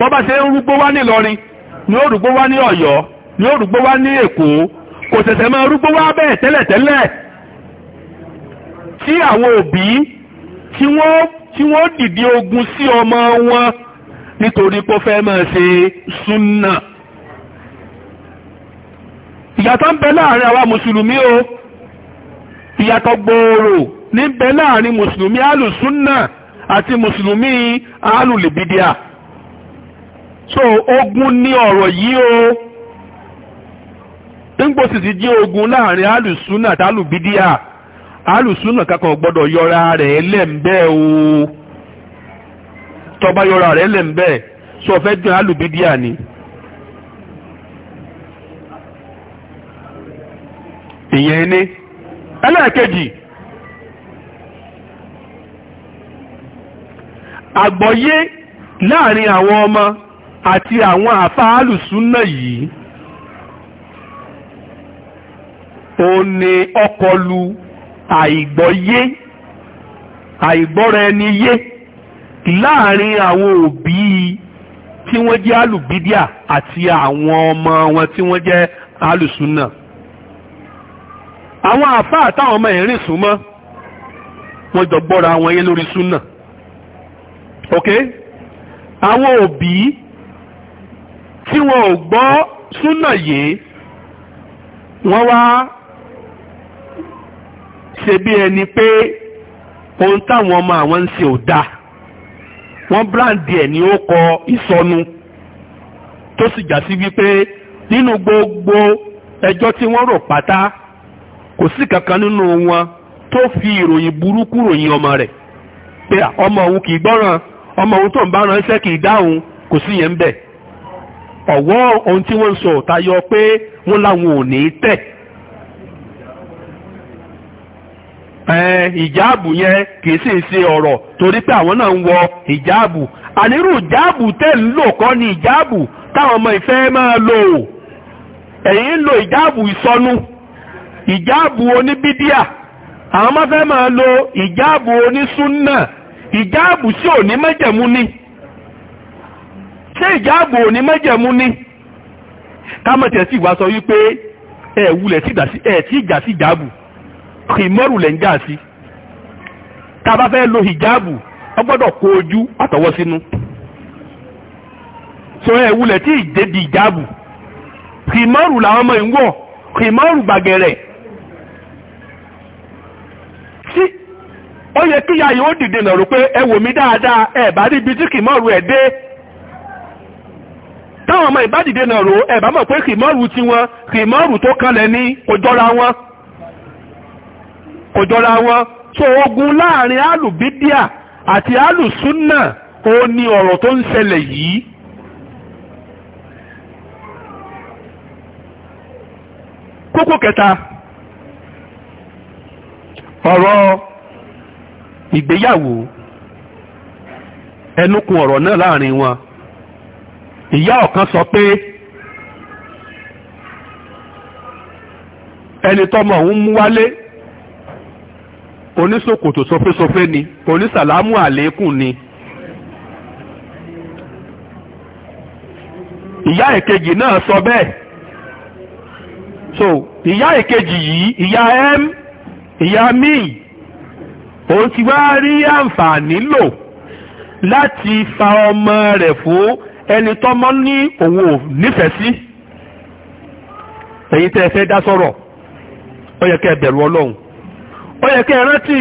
bọ́bá ṣe ń rúgbó wá ní Ìlọrin ni ó rúgbó wá ní Ọ̀yọ́ ni ó rúgbó wá ní Èkó kò ṣẹ̀ṣẹ̀ máa rúgbó wá bẹ́ẹ̀ tẹ́lẹ̀tẹ́lẹ̀ tí àwọn òbí tí wọ́n tí wọ́n dìde ogun sí ọmọ wọn nítorí pé ó fẹ́ máa ṣe súnà ìyàtọ̀ ń bẹ láàrin àwa mùsùlùmí o ìyàtọ̀ gbòòrò ní bẹ láàrin mùsùlùmí alùsúnà àti mùsùlùmí alùlìbídíà so ogun ni ọ̀rọ̀ yìí o nígbò sì ti jẹ́ ogun láàrin alùsùnà tálùbídíà alùsùnà kankan gbọ́dọ̀ yọra rẹ̀ lẹ́m̀bẹ́ o tọba yọra rẹ̀ lẹ́m̀bẹ́ so fẹ́ dùn alùbídíà ni ìyẹn ni ẹlẹ́ẹ̀kejì àgbọ́yé láàrin àwọn ọmọ àti àwọn àfáàlù súnà yìí òun ni ọkọlu àìgbọ́yé àìgbọ́ra ẹni yé láàrin àwọn òbí tí wọ́n jẹ́ alùbídíà àti àwọn ọmọ wọn tí wọ́n jẹ́ alùsúnà àwọn àfáà táwọn ọmọ ìrìn súnmọ́ wọ́n jọ gbọ́ra wọn yé lórí súnà ok àwọn òbí tí wọn ò gbọ́ súnà yìí wọ́n wá ṣe bí ẹni pé ohun táwọn ọmọ àwọn ń ṣe ò dáa wọ́n bíráǹdì ẹ̀ ó kọ ìsọnù tó sì já sí wípé nínú gbogbo ẹjọ́ tí wọ́n rò pátá kò sí kankan nínú wọn tó fi ìròyìn burúkú ròyìn ọmọ rẹ̀ pé ọmọ òun kì í gbọ́ràn ọmọ òun tó ń bá ránṣẹ́ kì í dáhùn kò sí yẹn ń bẹ̀. ọ̀wọ́ ohun tí wọ́n ń sọ ọ̀tá yọ pé wọ́n láwọn ò ní tẹ̀. ìjáàbù yẹn kìí sì ṣe ọ̀rọ̀ torí pé àwọn náà ń wọ ìjáàbù ànírú ìjáàbù tẹ̀ ń lò kọ́ ni ìjáàbù táwọn ọmọ ìfẹ́ máa lò ó. ń lo ìjáàbù ìsọnù ìjáàbù oníbídíà àwọn ọmọ fẹ́ máa lo ìjáàbù onísúnnà ìjáàbù sí òní mẹ́jẹ̀mú ni. ṣé ìjáàbò ní mẹ́jẹ̀mú ní kámọ̀tẹ̀ sì wá sọ wípé ẹ̀ wulẹ̀ tí ìjà sí ìjáàbù kìmọ́rù lẹ̀ ń jà sí tá a bá fẹ́ lo ìjáàbù ọ gbọ́dọ̀ kó ojú àtọwọ́ sínú sọ ẹ̀ wulẹ̀ tí ìdèdì ìjáàbù kìmọ́rù làwọn ọmọ ìwọ̀ kìmọ́rù gbàgẹ̀rẹ̀ sí ó yẹ kíyà yóò dìde nà rò pé ẹ wò mí dáadáa ẹ bá rí ibi tí kìmọ́rù ẹ̀ dé táwọn ọmọ ìbádìde náà rò ẹ̀bá mọ̀ pé kìmọ́ọ̀rù tí wọn kìmọ́ọ̀rù tó kanlẹ̀ ní wọn kò ogun láàrin alùbídíà àti alùsúnà o ni ọ̀rọ̀ tó ń ṣẹlẹ̀ yìí kókó kẹta ọ̀rọ̀ ìgbéyàwó ẹnukun ọ̀rọ̀ náà láàrin wọn ìyá ọ̀kan sọ pé ẹni tọ́mọ òun mú wálé oníṣòkòtò sọfẹ́sọfẹ́ ni onísàlámù àlékún ni ìyá ìkejì náà sọ bẹ́ẹ̀ so ìyá ìkejì yìí ìyá m ìyá mi òun ti wá rí àǹfààní lò láti fa ọmọ rẹ̀ fún ẹni tọ́mọ ní òun ò nífẹ̀ẹ́ sí ẹ̀yin tẹ́ ẹ fẹ́ dá sọ̀rọ̀ ó yẹ kẹ́ ẹ bẹ̀rù ọlọ́run ó yẹ kẹ́ ẹ rántí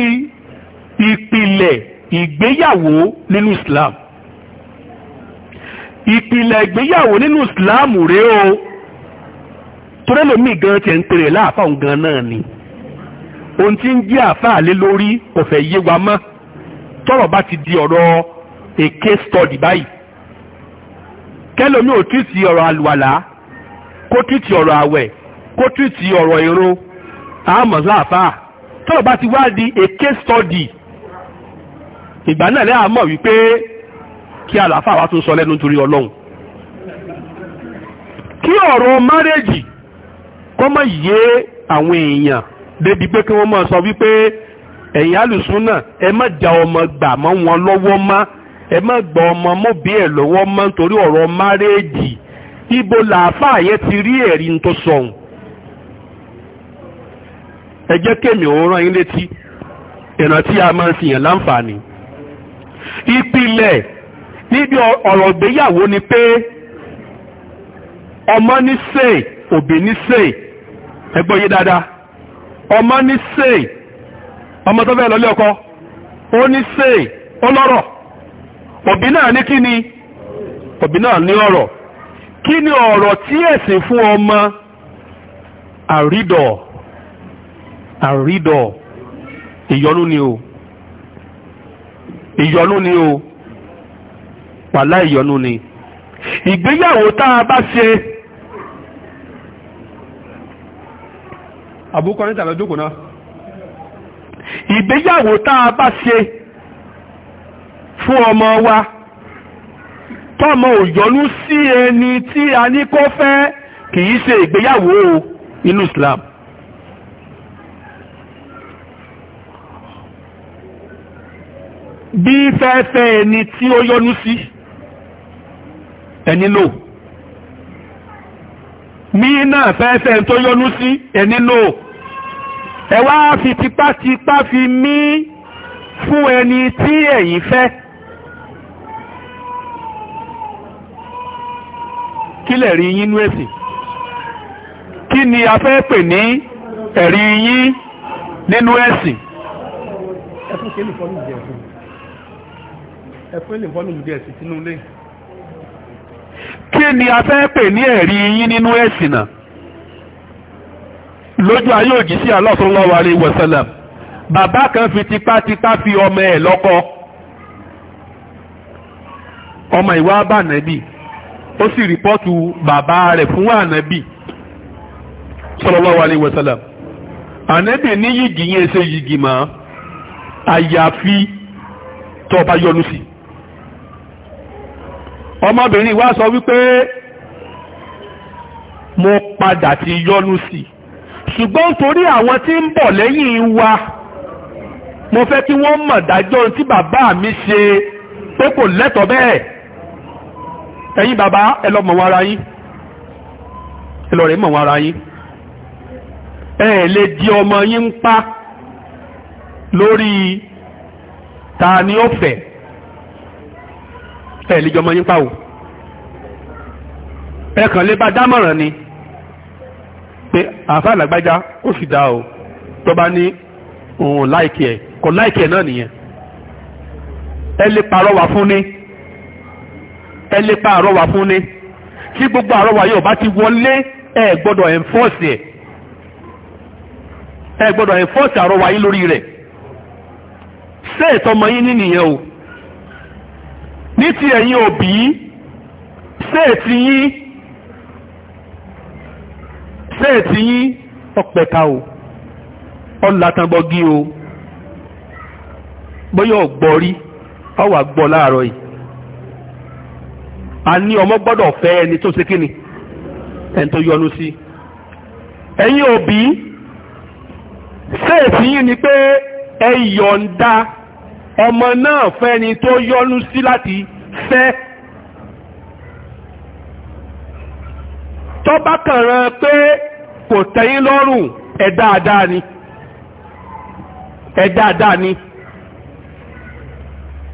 ìpìlẹ̀ ìgbéyàwó nínú Islam ìpìlẹ̀ ìgbéyàwó nínú Islam rèé o torí lómi gan tiẹ̀ ń pèrè láàfáà gan náà ni ohun tí ń jẹ́ àfáà lórí kò fẹ́ yé wa mọ́ tọ́rọ̀ bá ti di ọ̀rọ̀ èké stọ́ọ̀dì báyìí kẹlòmí ò tìtì ọ̀rọ̀ àlùwàlà kó tìtì ọ̀rọ̀ àwẹ̀ kó tìtì ọ̀rọ̀ ìrun àmọ̀sá àfáà tọ́lọ̀ bá ti wá di a case study ìgbà náà lẹ́yà mọ̀ wípé kí àlàáfà wa tún sọ lẹ́nu torí ọlọ́run kí ọ̀rọ̀ márẹ́jì kọ́ mọ̀ yé àwọn èèyàn débi pé kí wọ́n mọ̀ sọ wípé ẹ̀yin alùsùn náà ẹ má ja ọmọ gbà mọ́ wọn lọ́wọ́ má ẹ má gbọ́ ọmọ mọ́bí ẹ̀ lọ́wọ́ mọ́ nítorí ọ̀rọ̀ márẹ́ẹ̀jì ibo làáfàá yẹn ti rí ẹ̀rí tó sọ̀hún ẹ jẹ́ kémi ò yín létí tí a máa ń fihàn láǹfààní ìpìlẹ̀ níbi ọ̀rọ̀ ìgbéyàwó ni pé ọmọ ní òbí ní yé dáadáa ọmọ ní ọmọ tó òbí náà ní kíni òbí náà ní ọ̀rọ̀ kí ni ọ̀rọ̀ tí ẹ̀sìn fún ọmọ àrídọ̀ àrídọ̀ ìyọnú ni o ìyọnú ni o wàlá ìyọnú ni ìgbéyàwó tá a bá ṣe àbúkọ níta lọ jókòó náà ìgbéyàwó tá a bá ṣe fún ọmọ wa tọ́mọ òyọ́nú sí ẹni tí a ní kó fẹ́ kìí ṣe ìgbéyàwó inú Islam bí fẹ́fẹ́ ẹni tí ó yọ́nú sí ẹni lò mí náà fẹ́fẹ́ tó yọ́nú sí ẹni lò ẹ wá fi tipátipá fi mí fún ẹni tí ẹ̀yin fẹ́ kílẹ̀ rí yín nú ẹ̀sìn kí ni a fẹ́ pè ní ẹ̀rí yín nínú ẹ̀sìn. ẹfún kí ni fọ́nù jẹ ẹ̀sìn ẹfún kí ni fọ́nù jẹ ẹ̀sìn sínú ilé. kí ni a fẹ́ pè ní ẹ̀rí yín nínú ẹ̀sìn náà lójú ayé òjì sí Allah sallallahu alaihi bàbá kan fi tipátipá fi ọmọ ẹ̀ lọ́kọ ọmọ ìwà bá nàbì ó sì rìpọ́tù bàbá rẹ̀ fún ànábì sallallahu alaihi wasallam ànábì ní yìgì yẹn ṣe yìgì mọ́ àyàfi tó bá yọnu sí ọmọbìnrin wa sọ wípé mo padà ti yọnu sí ṣùgbọ́n torí àwọn tí ń bọ̀ lẹ́yìn wa mo fẹ́ kí wọ́n mọ̀ dájọ́ tí bàbá mi ṣe pé kò lẹ́tọ̀ọ́ bẹ́ẹ̀ ẹ̀yin bàbá ẹ lọ mọ̀ wọn ara yín ẹ lọ rẹ̀ mọ̀ wọn ara yín ẹ lè di ọmọ yín ń pa lórí ta ni ó fẹ́ ẹ lè jọmọ yín pa o lè bá dámọ̀ràn ni pé àáfàá làgbájá ó sì dá o tó bá ní òun láìkì kò láìkì náà nìyẹn ẹ lè parọ́ wà fún ni. ẹ lépa àrọwà fún ní tí gbogbo àrọwà yóò bá ti wọlé ẹ gbọ́dọ̀ ẹnfọọsì ẹ ẹ gbọ́dọ̀ ẹnfọọsì àrọwà yìí lórí rẹ̀ ṣé ìtọmọ yín ní nìyẹn o ní ti ẹ̀yin òbí ṣé ti yín ṣé ètí yín ọpẹta o ọlàtàbọgí o bóyá ọgbọrí ọwà gbọ́ láàárọ̀ yìí a ní ọmọ gbọ́dọ̀ fẹ́ ẹni tó ṣe kíni ẹni tó yọnu sí ẹ̀yin òbí ṣèèfì yìí ni pé ẹ yọ̀ǹda ọmọ náà fẹ́ ẹni tó yọnu sí láti fẹ́ tọ́ba kàn pé kò tẹ́yìn lọ́rùn ẹ̀ ni ẹ̀ ni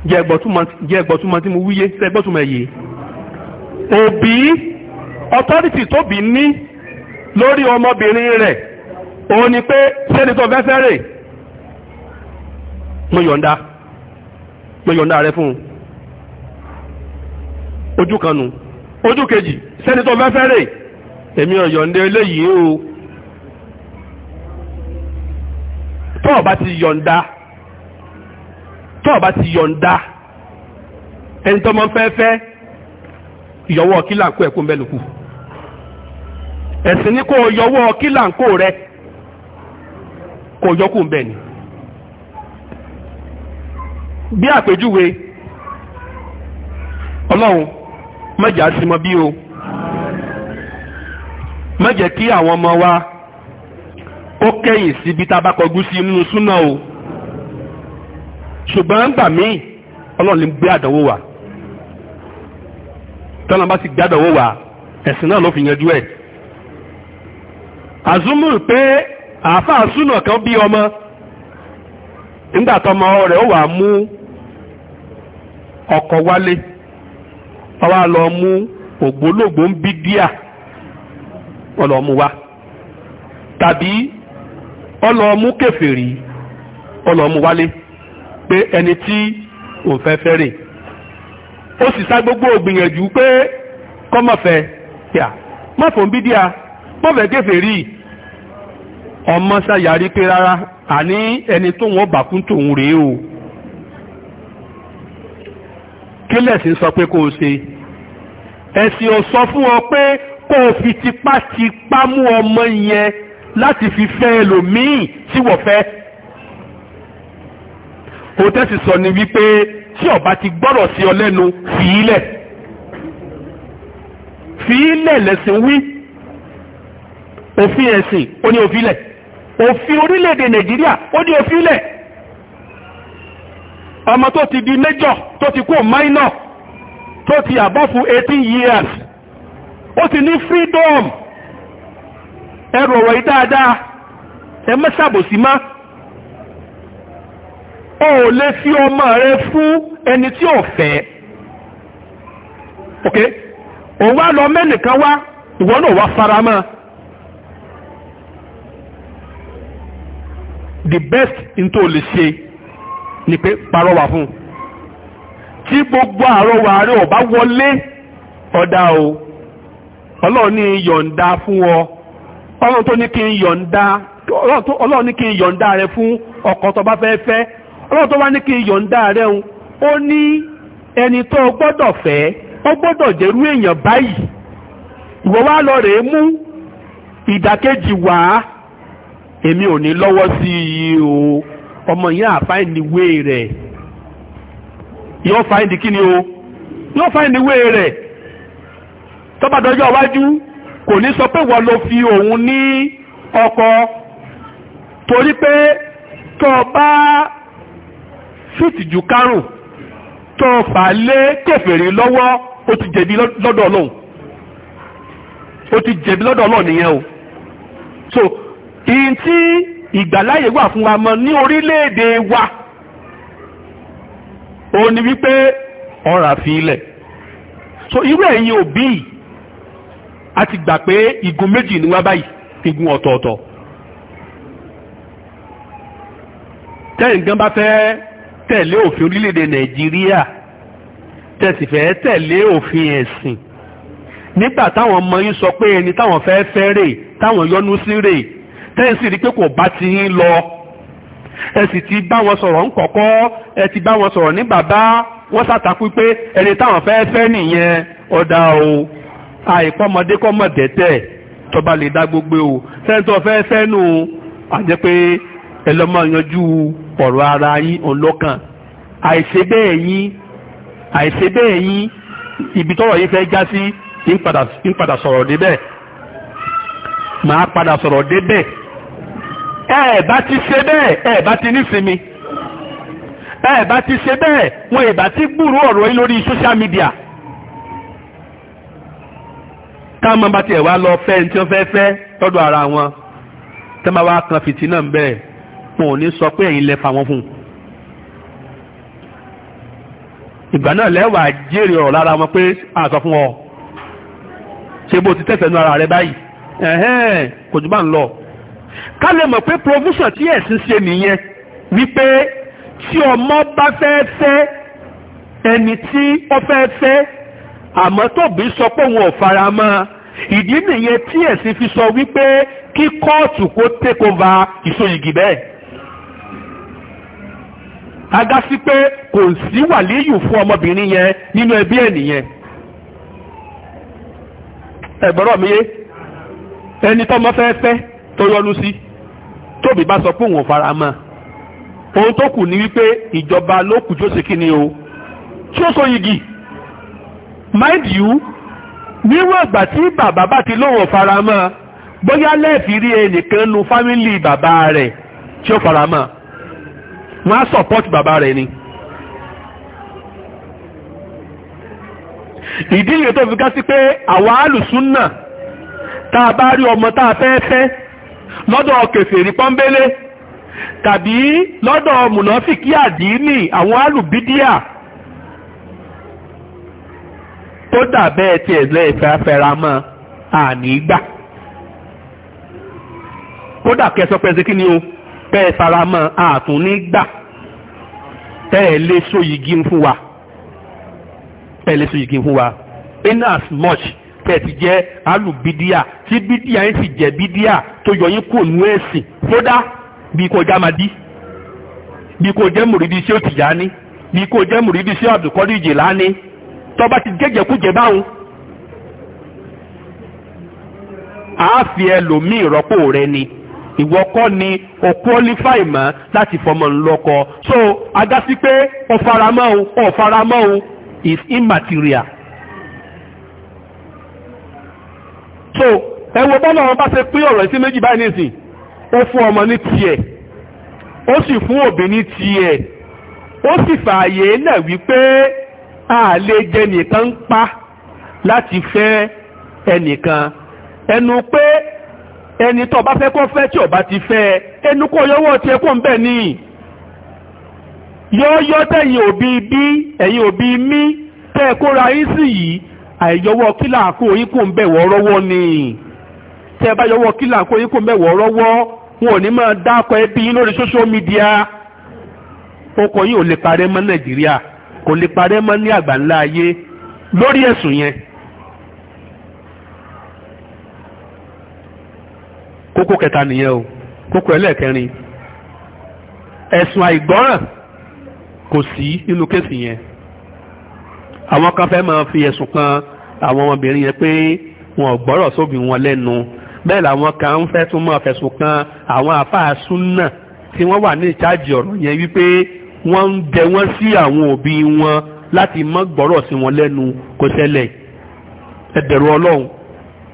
jẹ́ ẹgbọ́túmọ̀ tí mo wíyé sẹ́gbọ́túmọ̀ ẹ̀yẹ́ òbí tó tóbi ní lórí ọmọbìnrin rẹ̀ òun ni pé sẹ́nitọ́ fẹ́fẹ́ rè mo yọ̀ǹda mo yọ̀ǹda rẹ fún ojú kanu ojú kejì sẹ́nitọ́ fẹ́fẹ́ rè èmi ò yọ̀ǹda o tọ́ọ̀ ti yọ̀ǹda tọ́ọ̀ ti yọ̀ǹda ẹni tó mọ fẹ́fẹ́ yọwọ́ kílàǹkó ẹ̀kú mẹ́lùkù ẹ̀sìn ní kò yọwọ́ kílàǹkó rẹ kò yọkù ń bẹ̀ ni bí àpèjúwe ọlọ́run mẹ́jà sí mọ bí o mẹ́jẹ̀ kí àwọn ọmọ wa ó kẹ́yìn sí bí tá a bá kọjú sí nínú súnà o ṣùgbọ́n gbà míì ọlọ́run lè gbé àdánwò wá. tọ́lá bá ti gbádọ̀wọ́ wà ẹ̀sìn náà ló fi yanjú ẹ̀ àzúmù pé àáfàá súnà kan bí ọmọ nígbà tọmọ rẹ̀ ó wà mú ọkọ̀ wálé ọwá lọ mú ògbólógbò ń bí díà ọlọ́mú wá tàbí ọlọ́mú pé ó sì sá gbogbo ògbìyànjú pé kọ́mọ̀fẹ́ yà má fòun bí díà mọ̀fẹ́ kẹfẹ́ rí ọmọ ṣàyàrí pé rárá àní ẹni tóun ọba kún tòun rèé o kílẹ̀ sí sọ pé kó o ṣe ẹ̀sìn ò sọ fún ọ pé kó o fi tipátipá mú ọmọ yẹn láti fi fẹ́ ẹlòmíì tí wọ́n fẹ́ òtẹ́sì sọ ni wípé tí ọba ti gbọ́rọ̀ sí ọ lẹ́nu fìílẹ̀ fìílẹ̀ lẹ́sìn wí òfin ẹ̀sìn ó ní òfìlẹ̀ òfin orílẹ̀-èdè nàìjíríà ó ní òfìlẹ̀ ọmọ tó ti di major tó ti kó minor tó ti àbọ̀ fún eighteen years ó ti ní freedom ẹrù ọ̀rọ̀ yìí dáadáa ẹ mẹ́sàbòsí máa o ò lè fi ọmọ rẹ fún ẹni tí ò fẹ́ ok òun wá lọ mẹ́nìkan wá ìwọ náà wá fara mọ́ the best n tó lè ṣe ni pé parọ́wà fún tí gbogbo àrọwà rẹ ò bá wọlé ọ̀dà o ọlọ́run ní yọ̀ǹda fún ọ ọlọ́run tó ní kí n yọ̀ǹda ọlọ́run ní kí n yọ̀ǹda rẹ fún ọkọ tó bá fẹ́ fẹ́ ọlọ́run tó wá ní kí n yọ̀ǹda rẹ̀ ń ó ní ẹni tó gbọ́dọ̀ fẹ́ ó gbọ́dọ̀ jẹ́rú èèyàn báyìí ìwọ wá lọ rèé mú ìdàkejì wá èmi ò ní lọ́wọ́ sí i o ọmọ yẹn àfáìní wé rẹ̀ yóò fáìní kí ni o yóò fáìní wé rẹ̀ tọ́bàdọ́jọ́ wájú, kò ní sọ pé wọ́n ló fi òun ní ọkọ torí pé tọ́ bá fìtìjú kárùn tó fà lé kèfèrí lọ́wọ́ ó ti jẹ̀bi lọ́dọ̀ ọlọ́run ó ti jẹ̀bi lọ́dọ̀ ọlọ́run nìyẹn o so ìyìn tí ìgbàláyè wà fún wa mọ ní orílẹ̀-èdè wa ó ní wípé ọ̀rà fi so irú ẹ̀yin òbí yìí a ti gbà pé igun méjì ni wá báyìí igun ọ̀tọ̀ọ̀tọ̀ tẹ́yìn gan bá fẹ́ tẹ̀lé òfin orílẹ̀-èdè nàìjíríà tẹ̀sí fẹ́ tẹ̀lé òfin ẹ̀sìn nígbà táwọn ọmọ yín sọ pé ẹni táwọn fẹ́ fẹ́ rè táwọn yọnu sí rè tẹ́sí rí pé kò bá ti yín lọ ẹ sì ti bá wọn sọ̀rọ̀ ń kọ̀kọ́ ẹ ti bá wọn sọ̀rọ̀ ní bàbá wọ́n ṣàtàkùn pé ẹni táwọn fẹ́ fẹ́ nìyẹn ọ̀dà o àìpọ́mọdé kọ́mọ̀dẹ́tẹ̀ tọba lè dá gbogbo o sẹ́ńtọ́ fẹ́ fẹ́ nù àjẹpé ẹ lọ máa yanjú ọ̀rọ̀ ara yín ọlọ́kàn àìṣe bẹ́ẹ̀ yín àìṣe bẹ́ẹ̀ yín ibi tọ́rọ̀ yín fẹ́ já sí ń padà sọ̀rọ̀ débẹ̀ màá padà sọ̀rọ̀ débẹ̀ ẹ bá ti ṣe bẹ́ẹ̀ ẹ bá ti nísinmi ẹ bá ti ṣe bẹ́ẹ̀ wọn ẹ bá ti gbúrú ọ̀rọ̀ yín lórí social media táwọn bá tiẹ̀ wá lọ fẹ́ ní tí wọ́n fẹ́ fẹ́ lọ́dọ̀ ara wọn tẹ́ máa wá kan fìtínà ń bẹ́ẹ̀ wọn ò ní sọ pé ẹ̀yin lẹ fa wọn fún un ìgbà náà lẹ́wà jèrè ọ̀rọ̀ lára wọn pé a sọ fún ọ ṣe bó ti tẹ̀sẹ̀ nu ara rẹ báyìí ẹ̀hẹ́n kò jù bá ń lọ ká lè mọ̀ pé provision tí ẹ̀sìn ṣe nìyẹn wípé tí ọmọ bá fẹ́ fẹ́ ẹni tí ó fẹ́ fẹ́ àmọ́ tóbi sọ pé òun ò fara mọ́ ìdí nìyẹn tí ẹ̀sìn fi sọ wípé kí kóòtù kó take over ìsoyìgì bẹ́ẹ̀ aga sí pé kò sí wàlíyù fún ọmọbìnrin yẹn nínú ẹbí ẹ̀ nìyẹn ẹ̀gbọ́rọ̀ mi yé ẹni tọ́mọ fẹ́ fẹ́ tó yọnu sí tóbi bá sọ pé òun fara mọ́ ohun tó kù ni wípé ìjọba ló kù jó sí kíni o tí ó so yigi mind you níwọ̀n ìgbà tí bàbá bá ti lóun ò fara mọ́ bóyá lẹ́ẹ̀fì rí ẹnìkan nu fámìlì bàbá rẹ̀ tí ó fara mọ́ wọ́n á support bàbá rẹ̀ ni ìdí ìrè tó fi ká sí pé àwa alùsúnnà tá a bá rí ọmọ tá a fẹ́ fẹ́ lọ́dọ̀ kèfèrí pọ́ńbélé tàbí lọ́dọ̀ mùnáfíkì àdínì àwọn alùbídíà tó dàbẹ́ ti ẹ̀lẹ́ ìfẹ́fẹ́ramọ́ ànígbà kódà kẹsọ kí ni o. bẹ́ẹ̀ faramọ́ ààtún nígbà tẹ́ẹ̀lé sóyigi fún wa fún wa in as ti jẹ́ alùbídíà tí bídíà yín sì jẹ́ bídíà tó yọ kò nú ẹ̀sìn bí kò máa dí bí kò jẹ́ mùrídìí sí ni bí kò jẹ́ mùrídìí sí báwọn ni. ìwọ kọ́ ni o qualify mọ́ láti fọmọ ńlọ́kọ so agasi pé ọ̀faramọ́ o ọ̀faramọ́ o is immaterial. so ẹ wo bọ́lá wọn bá ṣe pín ọ̀rọ̀ sí méjì báyìí nìsín ó fún ọmọ ní tiẹ̀ ó sì fún òbí ní tiẹ̀ ó sì fààyè náà wípé a lè jẹ nìkan ń pa láti fẹ́ ẹnìkan ẹnu pé ẹni tó bá fẹ́ kó fẹ́ tí ò ti fẹ́ ẹnu kó yọwọ́ tí ẹ ń bẹ̀ ní yọ́yọ́ tẹ̀yìn òbí bí ẹ̀yìn òbí mí tẹ́ ẹ kóra yín ni tẹ́ ẹ bá yọwọ́ kílà kó yín kó ń bẹ̀ wọ́ rọ́wọ́ wọn ò ní máa dákọ ẹbí yín lórí social media yín ò lè parẹ́ mọ́ kókó kẹta nìyẹn o kókó ẹlẹ́ẹ̀kẹrin ẹ̀sùn àìgbọ́ràn kò sí nínú kéèsì yẹn àwọn kan fẹ́ máa fi ẹ̀sùn kan àwọn ọmọbìnrin yẹn pé wọn ò gbọ́rọ̀ sóbì wọn lẹ́nu bẹ́ẹ̀ làwọn kan ń fẹ́ tún máa fẹ̀sùn kan àwọn àfáà súnà tí wọ́n wà ní ìcháàjì ọ̀rọ̀ yẹn wípé wọ́n ń jẹ wọ́n sí àwọn òbí wọn láti má gbọ́rọ̀ sí wọn lẹ́nu kò ṣẹlẹ̀ ẹ̀bẹ̀rù ọlọ́run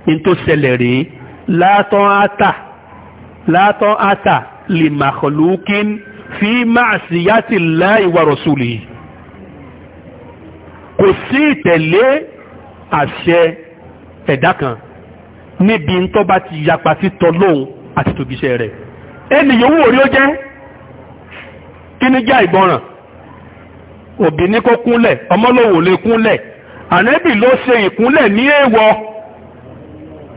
ní tó ṣẹlẹ̀ rèé látán átà látán átà lè màkàlùkín fi máa sì yàtì láìwà rọ̀sùlì kò sí ìtẹ̀lé àṣẹ ẹ̀dá kan níbi ń tọ́ bá ti yapa sí tọ́lóhun àti tògíṣẹ́ rẹ̀ ẹni yòówù orí ó jẹ́ kí ni já ìgbọràn òbí ní kó kúnlẹ̀ ọmọlòwò lè kúnlẹ̀ ànẹ́bì ló ṣe ìkúnlẹ̀ ní èèwọ̀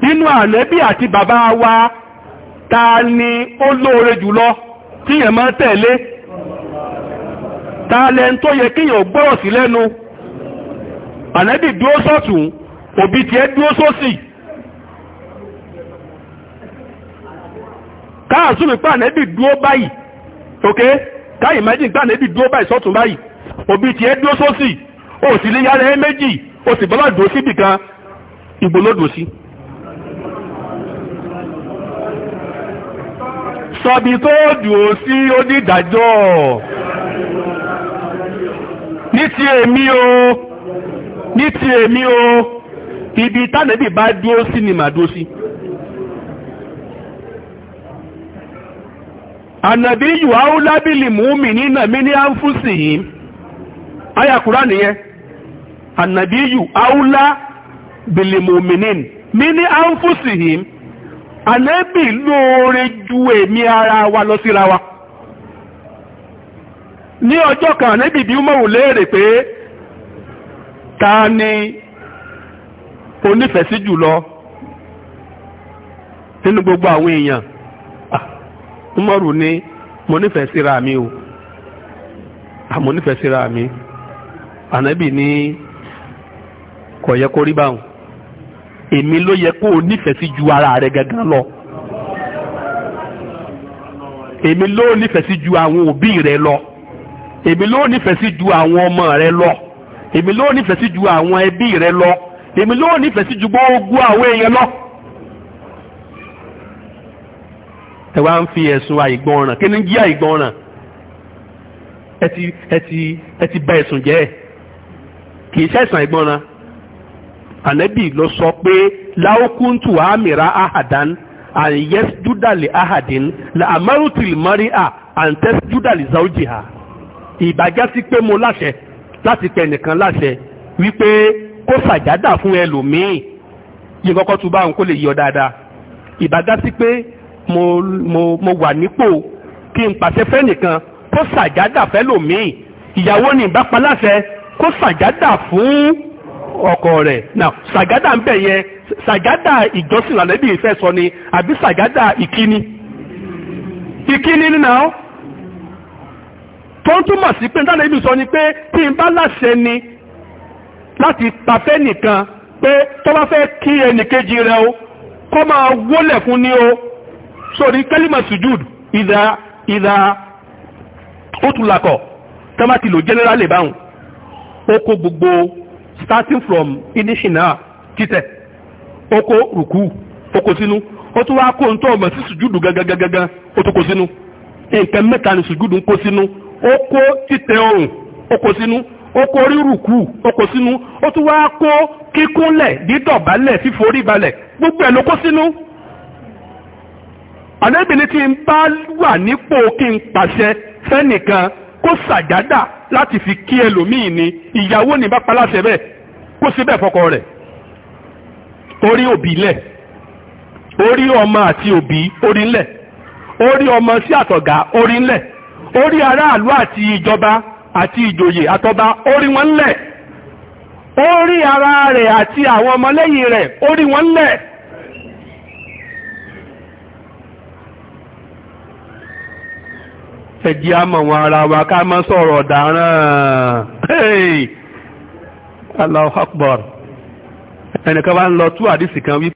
inú ànẹ́bí àti bàbá wa ta ni ó lóore jùlọ tíyàn máa tẹ̀lé ta lẹ́n tó yẹ kíyàn gbọ́rọ̀ sí lẹ́nu ànẹ́bí dúó sọ́tún òbí tiẹ̀ dúó sósì káàsùnmí pa ànẹ́bí dúó báyìí òkè káyìí mẹ́jì gbá ànẹ́bí dúó báyìí sọ́tún báyìí òbí tiẹ̀ dúó sósì ó sì lè yára ẹ méjì ó bọ́lá dúó síbì kan ìgbòlódò sí. Si sọbi tó dùn ó sí onídàájọ́ ní ti èmi o ní ti èmi o ibi tánàbì bá dúró sí ni màá dúró sí. ànàbí yùá ó lábìlì múmi nínà mí ní àǹfùsì yìí ayàkúrá nìyẹn ànàbí yù áúlá bìlìmùmìnín mí ní àǹfùsì yìí ànábì lóore ju èmi ara wa lọ síra wa ní ọjọ́ kan anebibi bí lere léèrè pé ta ni onífẹ̀ẹ́ sí jùlọ nínú gbogbo àwọn èèyàn ah, Umaru ni mo nífẹ̀ẹ́ síra mi o ha ah, nífẹ̀ẹ́ síra mi ànábì ní kò yẹ kó èmi ló yẹ kó o nífẹ̀ẹ́ sí ju ara rẹ gangan lọ èmi ló nífẹ̀ẹ́ sí ju àwọn òbí rẹ lọ èmi ló nífẹ̀ẹ́ sí ju àwọn ọmọ rẹ lọ èmi ló nífẹ̀ẹ́ sí ju àwọn ẹbí rẹ lọ èmi ló nífẹ̀ẹ́ sí ju gbogbo àwọn èèyàn lọ. ẹ wá ń fi ẹ̀sùn àìgbọràn kí ni jí àìgbọràn ẹ ti ẹ ti ẹ ti bà ẹ̀sùn jẹ́ kì í ṣẹ̀sùn àìgbọràn ànábì ló sọ pé láókùntù amira ahadan àyẹ́s dúdàlì ahadin la àmárùtìlì Maria à àǹtẹ́s dúdàlì zaújìhà ìbàjá sí pé mo láṣẹ láti pẹ nìkan láṣẹ wípé kó sàjádà fún ẹlòmíì yìí kọ́kọ́ tún bá òun kó lè yọ dáadáa ìbàjá sí pé mo mo mo wà nípò kí n pàṣẹ fẹ́ nìkan kó sàjádà fẹ́lòmíì ìyàwó ni ìbá pa láṣẹ kó sàjádà fún ọkọ rẹ̀ now sàgádà ń bẹ̀ yẹn sàgádà ìjọsìn ànábì ìfẹ́ sọ ni àbí ikini ìkíní ìkíní nínú àwọn tó ń túmọ̀ sí pé nítorí ibi sọ ni pé tí n bá láṣẹ ni láti pafe nìkan pé tó bá fẹ́ kí ẹnìkejì rẹ o kó máa wólẹ̀ fún ni o sórí kẹ́límà sùjúd ìdá ìdá ó tún lakọ̀ tó bá lò jẹ́nẹ́rálì báwọn ó kó gbogbo starting from initial títẹ̀ oko ruku, oko sinu, kó sínú ó tún wá kó ntọ́ ọmọ sí sùjúdù gangan ó tún kó sínú nǹkan mẹ́ta ni sùjúdù ń kó sínú oko kó títẹ̀ ọrùn ó kó sínú ó kó rírùkú ó kó sínú ó tún wá kó kíkúnlẹ̀ dídọ̀bálẹ̀ fíforí balẹ̀ gbogbo ẹ̀ ló kó sínú àlébìnrin tí ń bá wà nípò kí n pàṣẹ fẹ́nìkan kó sàjádà láti fi kí ẹlòmíì ni ìyàwó ní bá paláṣẹ bẹ́ẹ̀ kó sí bẹ́ẹ̀ fọkọ rẹ̀ orí òbí lẹ̀ orí ọmọ àti òbí orí ńlẹ̀ orí ọmọ sí àtọ̀gá orí ńlẹ̀ orí aráàlú àti ìjọba àti ìjòyè àtọba orí wọn ńlẹ̀ orí ara rẹ̀ àti àwọn ọmọlẹ́yìn rẹ̀ orí wọn ńlẹ̀ ẹ jẹ́ àmọ̀ wọn ara wa ká má sọ̀rọ̀ ọ̀daràn Allahu Akbar ẹnìkan bá ń lọ tú àdìsí kan wípé